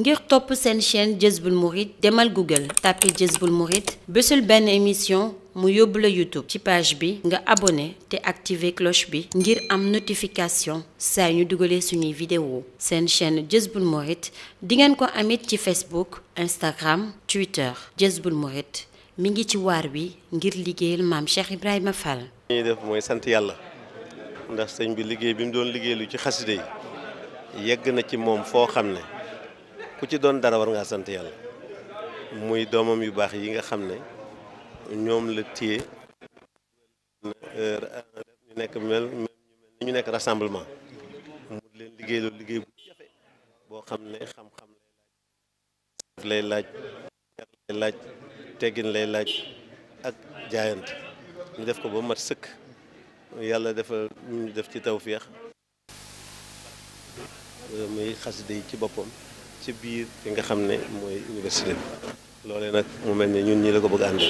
ngir top sen chaîne Jazboul Mouride demal Google tàppi Jazboul Mouride bésul ben émission mu yóbbu YouTube ci page bi nga abonné té activer cloche bi ngir am notification sa ñu dugalee suñu vidéo sen chaîne Jazboul Mouride di ngeen ko amit ci Facebook Instagram Twitter Jazboul Mouride mi ngi ci waar wi ngir liggéeyal mam Cheikh Ibrahima Fall. li def moy sant Yalla ndax sëñ bi liggéey bi mu doon liggéey ci xasida yi yegg na ci mom fo xamné ku ci doon dara war ngaa sant yàlla muy doomam yu baax yi nga xam ne ñoom la téye ñu nekk mel ni ñu nekk rassemblement mu leen liggéey loolu liggéey bu jafe boo xam ne xam-xam lay laaj lay laaj teggin lay laaj ak jaayante ñu def ko ba mat sëkk yàlla defal ñu def ci tawféex muy xasida yi ci boppam ci biir fi nga xam ne mooy université bi loolee nag mu mel ne ñun ñi la ko bëgg àndal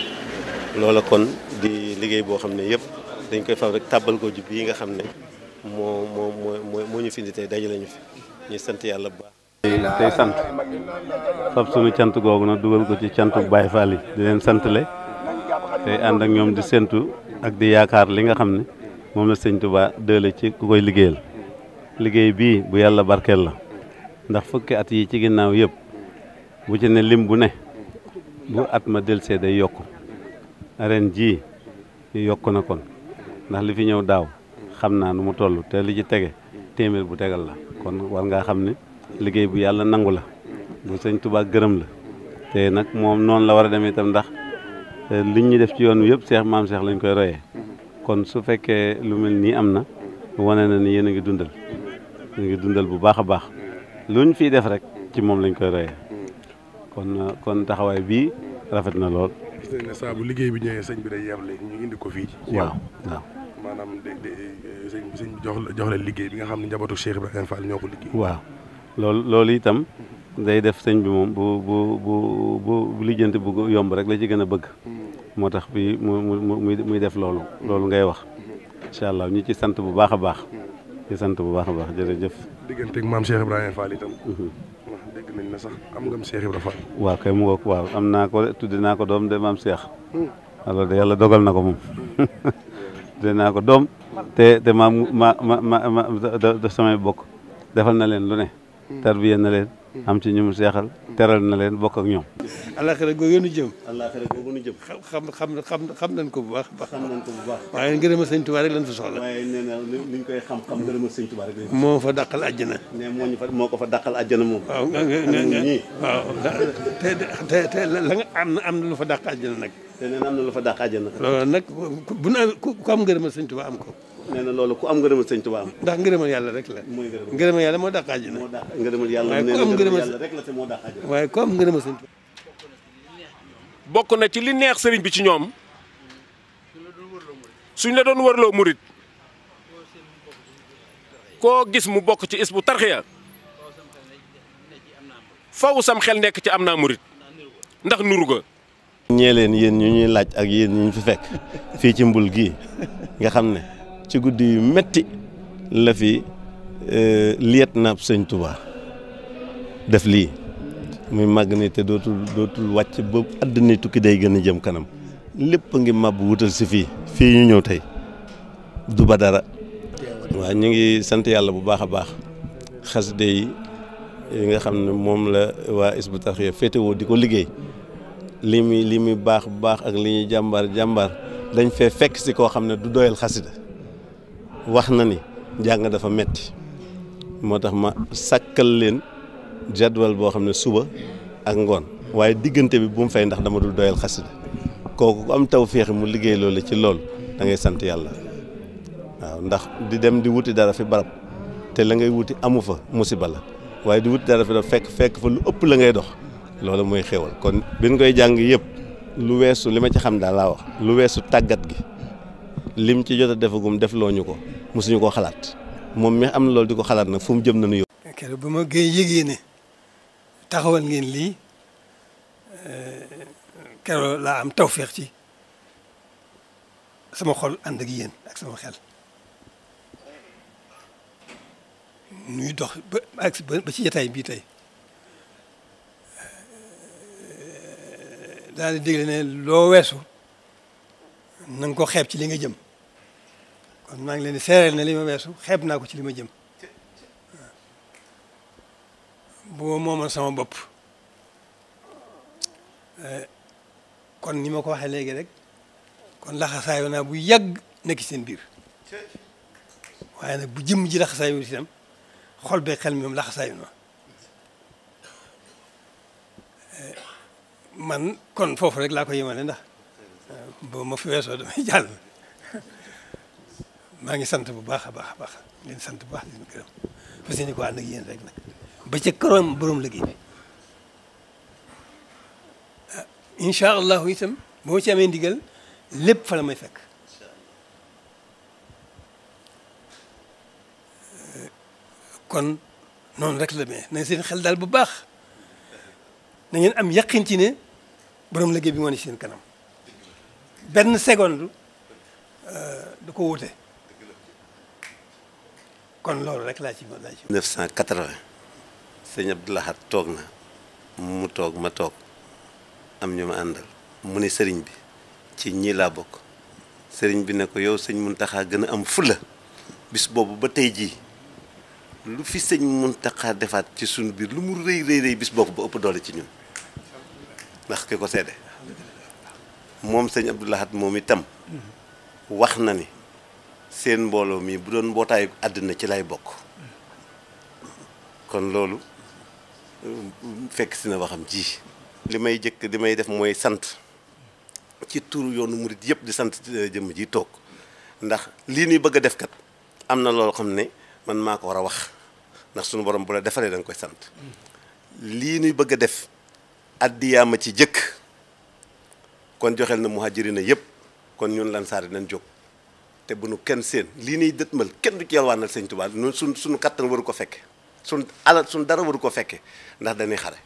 loola kon di liggéey boo xam ne yëpp dañ koy fab rek tàbbal ko ji bii nga xam ne moo moo moo moo ñu fi indi tey daje fi ñu sant yàlla bu baax. tey sant fab googu nag dugal ko ci cantu Baye Fall yi di leen santale tey ànd ak ñoom di séntu ak di yaakaar li nga xam ne moom la sëñ Touba dële ci ku koy liggéeyal liggéey bii bu yàlla barkeel la. ndax fukki at yi ci ginnaaw yëpp bu ci ne lim bu ne bu at ma delsee day yokk ren jii yokk na kon ndax li fi ñëw daaw xam naa nu mu toll te li ci tege téeméer bu tegal la kon war ngaa xam ni liggéey bu yàlla nangu la bu sëñ Tuubaa gërëm la te nag moom noonu la war a demee tam ndax eh, li ñu def ci yoon wi yëpp seex maam seex lañ koy royee kon su fekkee lu mel nii am na wane na ni yéen a ngi dundal a ngi dundal bu baax a baax lu ñu fiy def rek ci moom lañ koy royee kon kon taxawaay bii rafet na lool. gis saa bu liggéey bi ñëwee sëñ bi day yàble ñu indi ko fii. ci waaw. maanaam de sëñ jox jox la liggéey bi nga xam ne njabootu Cheikh Ibrahima Fall ñoo ko liggéey. waaw loolu loolu itam day def sëñ bi moom bu bu bu bu lijjanti bu yomb rek la ci gën a bëgg. moo tax bi mu mu muy def loolu. loolu ngay wax. incha allah ñu ci sant bu baax a baax. di sant bu baax a baax jërëjëf. digganteeg maam Cheikh Ibrahima Fall itam. wax dégg nañ ne am nga Cheikh Ibrahima Fall. waaw kay mu ngoog waaw am naa ko tudde naa ko doom de maam Cheikh. Hmm. alors de dogal na ko moom. tudde naa ko doom. te te maam ma ma ma samay bokk defal na leen lu ne. Mm. tarbiya na leen mm. am ci ñu mu seexal mm. teral na leen bokk ak ñoom alaxira googu nu jëm alaxira googu nu jëm xam xam xam xam nañ ko bu baax xam nañ ko bu baax waaye ngërëma sëñ Tuubaa rek lañ fa soxla waaye nee na li ñu koy xam xam ngërëma sëñ Tuubaa rek moo fa dàqal àjjana ne moo ñu fa moo ko fa dàqal àjjana moom waaw waaw te te te la nga am na am na lu fa dàq àjjana nag te nee na am na lu fa dàq àjjana loolu nag bu na ku am ngërëma sëñ Tuubaa am ko nee na loolu ku am ngërëmal sëñ Tuubaa am ndax ngërëmal yàlla rek la mooy ngërëmal ngërëmal yàlla moo dàq àjjana moo dàq ngërëmal yàlla waaye ku am ngërëmal sëñ Tuubaa bokk na ci li neex sëriñ bi ci ñoom suñ la doon wërloo murit koo gis mu bokk ci is bu tarxiya faw sam xel nekk ci am naa murit ndax nuru ñee leen yéen ñu ñuy laaj ak yéen ñu ñu fi fekk fii ci mbul gii nga xam ne ci guddi yu metti la fi euh, liet naab sëñ Touba def lii muy màgg ni te dootul dootul wàcc ba àddina tukki day gën a jëm kanam lépp a ngi màbb wutal si fii fii ñu ñëw tey du ba dara waa ñu ngi sant yàlla bu baax a baax xaside yi nga xam ne moom la waa isbu taxiya féetewoo di ko liggéey li muy li muy baax baax ak li ñuy jàmbar jàmbar dañ fee fekk si koo xam ne du doyal xasida wax na ni jàng dafa metti moo tax ma sàkkal leen jadwal boo xam ne suba ak ngoon waaye diggante bi bu mu fay ndax dama dul doyal xasida kooku ku am taw féexi mu liggéey loolu ci loolu da ngay sant yàlla waaw ndax di dem di wuti dara fi barab te la ngay wuti amu fa musiba la waaye di wuti dara fi da fekk fekk fa lu ëpp la ngay dox loolu mooy xéwal kon biñ koy jàng yëpp lu weesu li ma ci xam daal laa wax lu weesu tàggat gi lim ci jot a defagum def loo ko mosuñu koo xalaat moom mi am loolu di ko xalaat nag fu mu jëm na nu yóbbu. keroog bu ma géey yëgee taxawal ngeen lii euh, keroog laa am tawféex ci sama xol ànd ak yéen ak sama xel. nuy dox ba ak ba ci jataay bii tey euh, daal di digle ne loo weesu na ko xeeb ci li nga jëm. kon maa ngi leen di seereel ne ma weesu xeeb naa ko ci li ma jëm bu ma moomal sama bopp eh, kon ni ma ko waxee léegi rek kon laxasaayu naa bu yàgg nekk ci seen biir waaye nag bu jëmm ji laxasaayu si tam xol bee xel mi moom laxasaayu na eh, man kon foofu rek laa ko yemale ndax eh, boo ma fi weesoo damay jàll maa ngi sant bu baax a baax a baax leen sant bu baax di leen gërëm fas yéene ko ànd ak yéen rek nag ba ca këroom borom liggéey bi ah incha allahu itam boo ci amee ndigal lépp fa la may fekk eh, kon noonu rek la mais na seen xel daal bu baax na ngeen am yaqin ci ne borom liggéey bi moo ne seen kanam benn seconde eh, du ko wute. kon loolu rek laa ci mën laa quatre 1980 sëñ Abdou toog na mu toog ma toog am ñu ma àndal mu ne sëriñ bi ci ñii laa bokk sëriñ bi ne ko yow sëñ Muntaxa gën a am fula bis boobu ba tey jii lu fi sëñ Muntaxa defaat ci suñu biir lu mu rëy rëy rëy bis boobu ba ëpp doole ci ñun ndax ke ko seede moom sëñ Abdou moom itam wax na ni. seen mbooloo mii bu doon mbootaayu àddina ci lay bokk kon loolu fekk si na waxam ji li may jëkk li may def mooy sant ci tur yoonu murit yëpp di sant eh, jëmm ji toog ndax lii ni bëgg a def kat am na loolu xam ne man maa ko war a wax ndax sunu borom bu la defaree da koy sant lii nuy bëgg a def addiyaama ci jëkk kon joxel na muhajirina yëpp kon ñun lan saari nañ jóg te bu nu kenn sen li ni deutmal kenn du ci yalwaanal seigne Tuubaa noonu sun suñu kattan waru ko fekke sun ala sun dara waru ko fekke ndax dañuy xare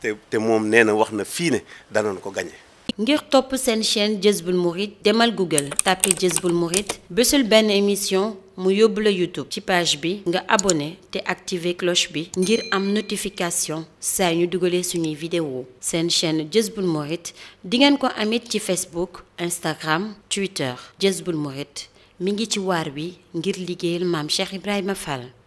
té té mom néna na wax na fii ne danoon ko gañe ngir top sen chaîne Jazboul Mouride demal Google tàppi Jazboul Mouride beusul ben émission mu yóbbu YouTube ci page bi nga abonné té activer cloche bi ngir am notification saa ñu dugalee suñuy vidéo sen chaîne Jazboul Mouride di ngeen ko amit ci Facebook Instagram Twitter Jazboul Mouride mi ngi ci waar wi ngir liggéeyal maam Cheikh Ibrahima Fall